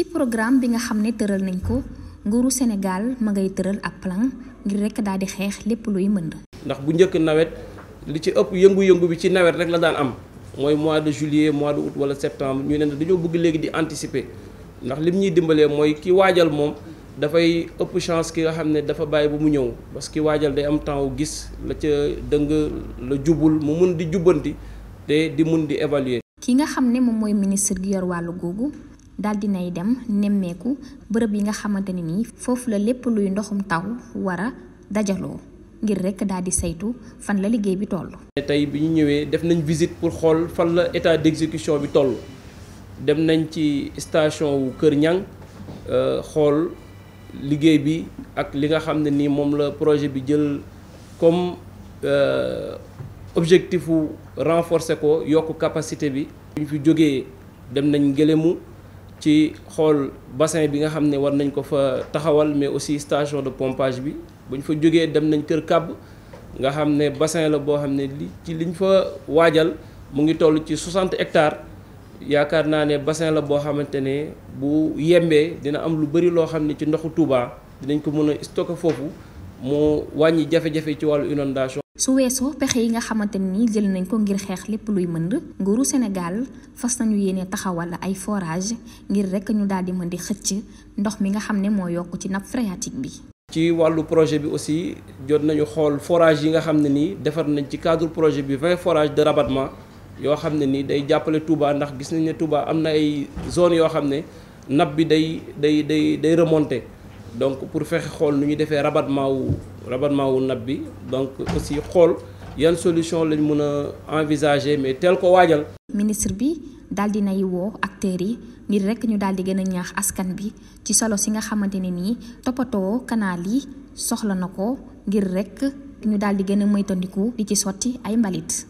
ci programme bi nga xam ne tëral nañ ko nguuru Sénégal ma ngay tëral ab plan ngir rek daal di xeex lépp luy mënd. ndax bu njëkk nawet li ci ëpp yëngu-yëngu bi ci nawet rek la daan am mooy mois de juillet mois de août wala septembre ñuy ne dañoo bëgg léegi di anticiper ndax lim ñuy dimbalee mooy ki waajal moom. dafay ëpp chance ki nga xam ne dafa bàyyi ba mu ñëw parce que waajal day am temps wu gis la ca dëng la jubul mu mun di jubbanti te di mun di évaluer. ki nga xam ne moom mooy ministre gi yor wàllu googu daal dinay dem nemmeeku bërëb yi nga xamante ne nii foofu la lépp luy ndoxum taw war a dajaloo ngir rek daal di saytu fan la liggéey bi toll. tey bi ñu ñëwee def nañ visite pour xool fan la état d'exécution bi toll dem nañ ci station wu Kër Ñang euh, xool liggéey bi ak li nga xam ne nii moom la projet bi jël comme euh, objectif wu renforcer ko yokk capacité bi. bu fi jógee dem nañ Ngélémou. ci xool bassin bi nga xam ne war nañ ko fa taxawal mais aussi station de pompage bi bu ñu fa jógee dem nañ Kër Kàbb nga xam ne bassin la boo xam ne li ci liñ fa waajal mu ngi toll ci 60 hectares yaakaar naa ne bassin la boo xamante ne bu yembee dina am lu bëri loo xam ne ci ndoxu Touba dinañ ko mën a stocké foofu mu wàññi jafe-jafe ci wàllu inondation su weesoo pexe yi nga xamante ni jël nañ ko ngir xeex lépp luy mënd nguuru Sénégal fas nañu yéene taxawal ay forage ngir rek ñu daal di mën di xëcc ndox mi nga xam ne moo yokk ci nappe phréatique bi. ci wàllu projet bi aussi jot nañu xool forage yi nga xam ne nii defar nañ ci cadre projet bi 20 forage de rabattement yoo xam ne nii day jàppale Touba ndax gis nañ ne Touba am na ay zone yoo xam ne nappe bi day day day day remonté. donc pour fexe xool nu ñu defee rabattement wu rabattement wu nab bi donc aussi xool yan solution lañ mën a envisager mais teel ko waajal. ministre bi daal di nay woo acteurs yi ngir rek ñu daal di gën a ñaax askan bi ci solo si nga xamante ni nii toppatoo kanaal yi soxla na ko ngir rek ñu daal di gën a moytandiku li ci sotti ay mbalit.